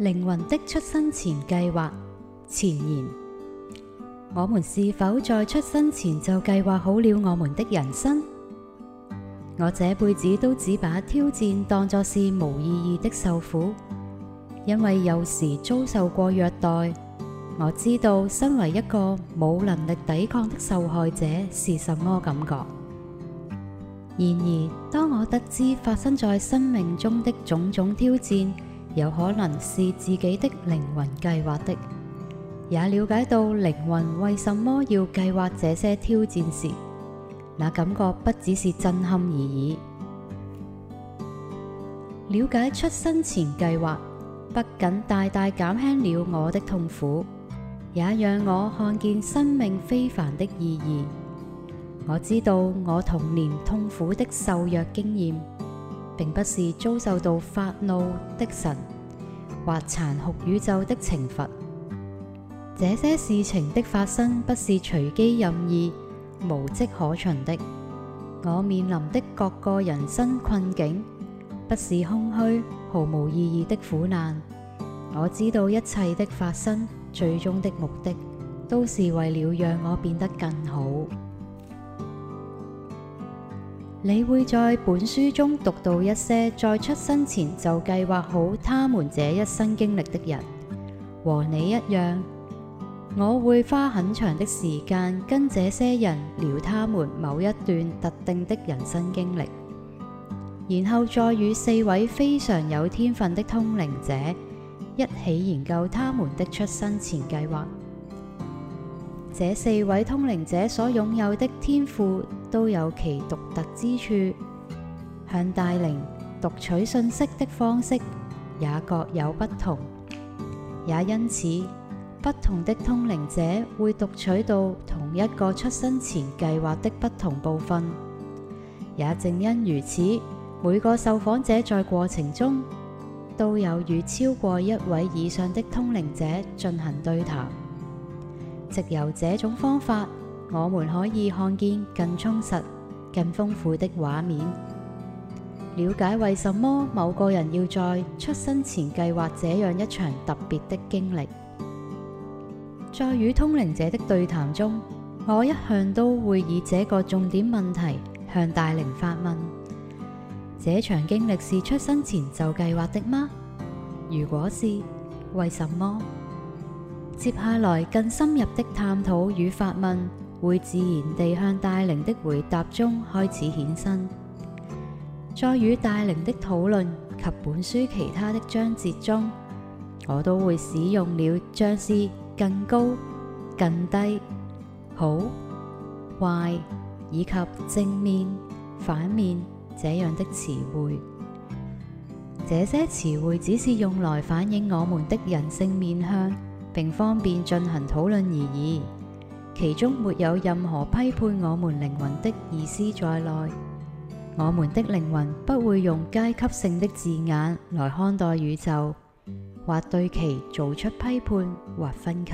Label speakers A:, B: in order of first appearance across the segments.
A: 靈魂的出生前計劃前言：我們是否在出生前就計劃好了我們的人生？我這輩子都只把挑戰當作是無意義的受苦，因為幼時遭受過虐待，我知道身為一個冇能力抵抗的受害者是什麼感覺。然而，當我得知發生在生命中的種種挑戰，有可能是自己的靈魂計劃的，也了解到靈魂為什麼要計劃這些挑戰時，那感覺不只是震撼而已。了解出生前計劃，不僅大大減輕了我的痛苦，也讓我看見生命非凡的意義。我知道我童年痛苦的受虐經驗，並不是遭受到發怒的神或殘酷宇宙的懲罰。這些事情的發生不是隨機任意、無跡可循的。我面臨的各個人生困境，不是空虛、毫無意義的苦難。我知道一切的發生最終的目的，都是為了讓我變得更好。你會在本書中讀到一些在出生前就計劃好他們這一生經歷的人，和你一樣。我會花很長的時間跟這些人聊他們某一段特定的人生經歷，然後再與四位非常有天分的通靈者一起研究他們的出生前計劃。這四位通靈者所擁有的天賦都有其獨特之處，向大靈讀取信息的方式也各有不同，也因此不同的通靈者會讀取到同一個出生前計劃的不同部分。也正因如此，每個受訪者在過程中都有與超過一位以上的通靈者進行對談。藉由這種方法，我們可以看見更充實、更豐富的畫面，了解為什麼某個人要在出生前計劃這樣一場特別的經歷。在與通靈者的對談中，我一向都會以這個重點問題向大靈發問：這場經歷是出生前就計劃的嗎？如果是，為什麼？接下來更深入的探討與發問會自然地向大靈的回答中開始顯身。在與大靈的討論及本書其他的章節中，我都會使用了像是更高、更低、好、壞，以及正面、反面這樣的詞彙。這些詞彙只是用來反映我們的人性面向，並方便進行討論而已，其中沒有任何批判我們靈魂的意思在內。我們的靈魂不會用階級性的字眼來看待宇宙，或對其做出批判或分級。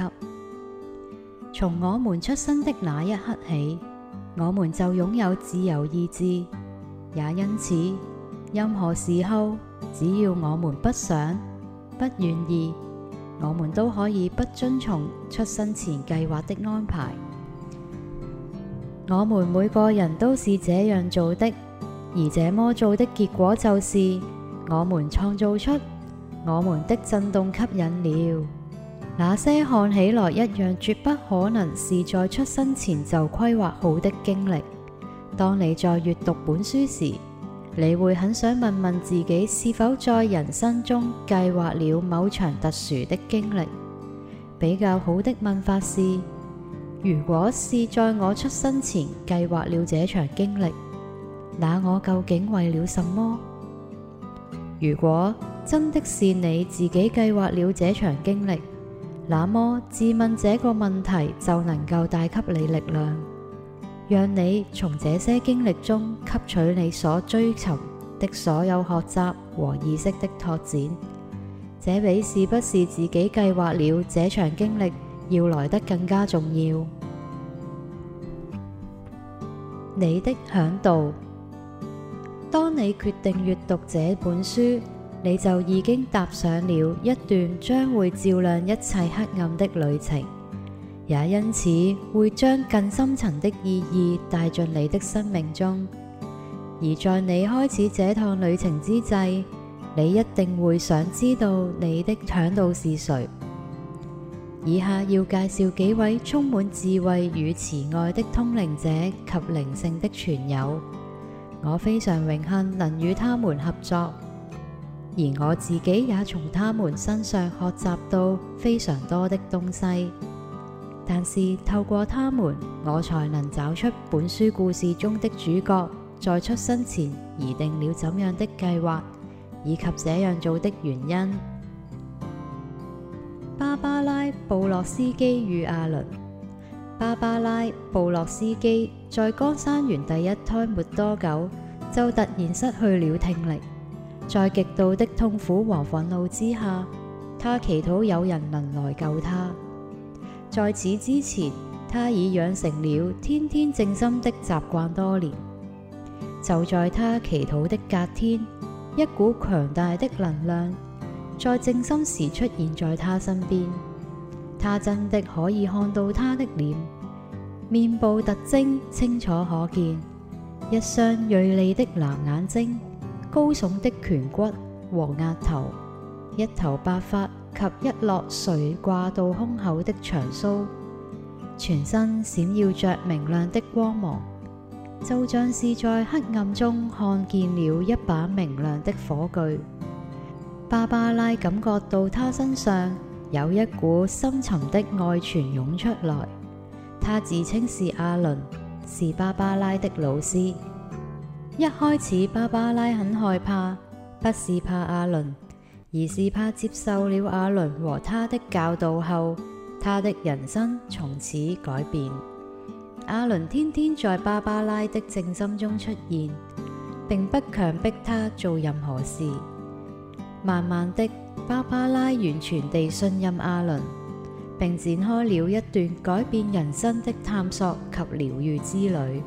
A: 從我們出生的那一刻起，我們就擁有自由意志，也因此，任何時候，只要我們不想、不願意，我們都可以不遵從出生前計劃的安排。我們每個人都是這樣做的，而這麼做的結果就是，我們創造出我們的震動吸引了那些看起來一樣絕不可能是在出生前就規劃好的經歷。當你在閱讀本書時，你會很想問問自己，是否在人生中計劃了某場特殊的經歷？比較好的問法是：如果是在我出生前計劃了這場經歷，那我究竟為了什麼？如果真的是你自己計劃了這場經歷，那麼自問這個問題就能夠帶給你力量。讓你從這些經歷中吸取你所追尋的所有學習和意識的拓展，這比是不是自己計劃了這場經歷要來得更加重要。你的嚮導，當你決定閱讀這本書，你就已經踏上了一段將會照亮一切黑暗的旅程。 也因此會將更深層的意義帶進你的生命中。而在你開始這趟旅程之際，你一定會想知道你的嚮導是誰。以下要介紹幾位充滿智慧與慈愛的通靈者及靈性的傳友，我非常榮幸能與他們合作，而我自己也從他們身上學習到非常多的東西。但是透過他們，我才能找出本書故事中的主角在出生前擬定了怎樣的計劃，以及這樣做的原因。巴巴拉·布洛斯基與阿倫，巴巴拉·布洛斯基在剛生完第一胎沒多久，就突然失去了聽力。在極度的痛苦和憤怒之下，他祈禱有人能來救他。在此之前，他已養成了天天靜心的習慣多年。就在他祈禱的隔天，一股強大的能量在靜心時出現在他身邊。他真的可以看到他的臉，面部特徵清楚可見，一雙銳利的藍眼睛，高聳的顴骨和額頭，一頭白髮。及一落垂掛到胸口的長鬚，全身閃耀着明亮的光芒，就像是在黑暗中看見了一把明亮的火炬。芭芭拉感覺到他身上有一股深沉的愛泉湧出來。他自稱是阿倫，是芭芭拉的老師。一開始，芭芭拉很害怕，不是怕阿倫。而是怕接受了阿倫和他的教導後，他的人生從此改變。阿倫天天在芭芭拉的靜心中出現，並不強迫他做任何事。慢慢的，芭芭拉完全地信任阿倫，並展開了一段改變人生的探索及療癒之旅。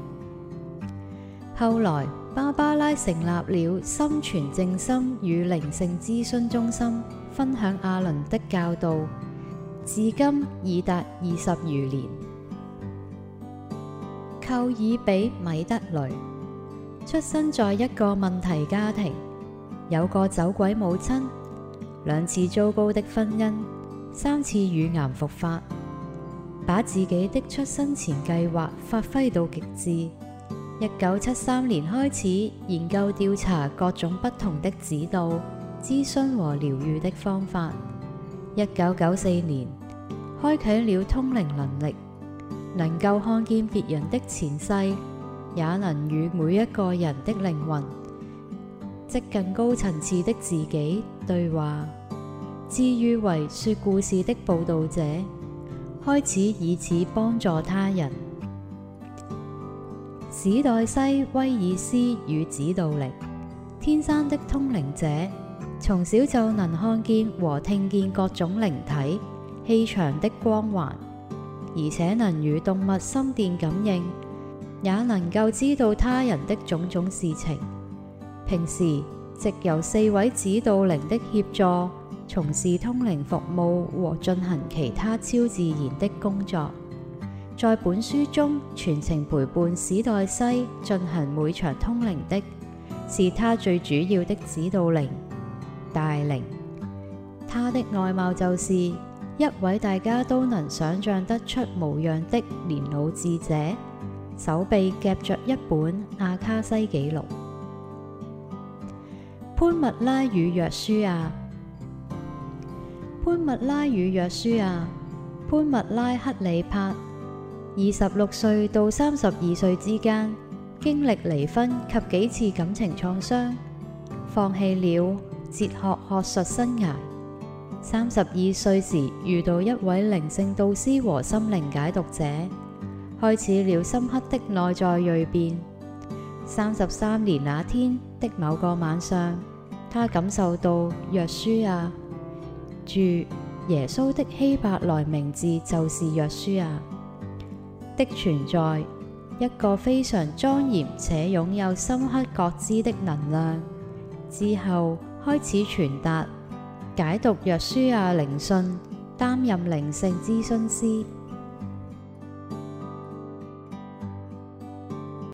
A: 後來。芭芭拉成立了心存正心與靈性諮詢中心，分享阿倫的教導，至今已達二十餘年。寇爾比米德雷出生在一個問題家庭，有個酒鬼母親，兩次糟糕的婚姻，三次乳癌復發，把自己的出生前計劃發揮到極致。一九七三年開始研究調查各種不同的指導、諮詢和療癒的方法。一九九四年，開啟了通靈能力，能夠看見別人的前世，也能與每一個人的靈魂，即更高層次的自己對話。自譽為說故事的報道者，開始以此幫助他人。史代西威爾斯與指導靈，天生的通靈者，從小就能看見和聽見各種靈體、氣場的光環，而且能與動物心電感應，也能夠知道他人的種種事情。平時藉由四位指導靈的協助，從事通靈服務和進行其他超自然的工作。在本書中全程陪伴史黛西進行每場通靈的是他最主要的指導靈大靈。他的外貌就是一位大家都能想像得出模樣的年老智者，手臂夾着一本阿卡西記錄。潘蜜拉與約書亞、啊，潘蜜拉與約書亞、啊，潘蜜拉克里帕。二十六歲到三十二歲之間，經歷離婚及幾次感情創傷，放棄了哲學學術生涯。三十二歲時遇到一位靈性導師和心靈解讀者，開始了深刻的內在蛻變。三十三年那天的某個晚上，他感受到約書亞，注耶穌的希伯來名字就是約書亞。的存在，一個非常莊嚴且擁有深刻覺知的能量。之後開始傳達解讀約書亞靈訊，擔任靈性諮詢師。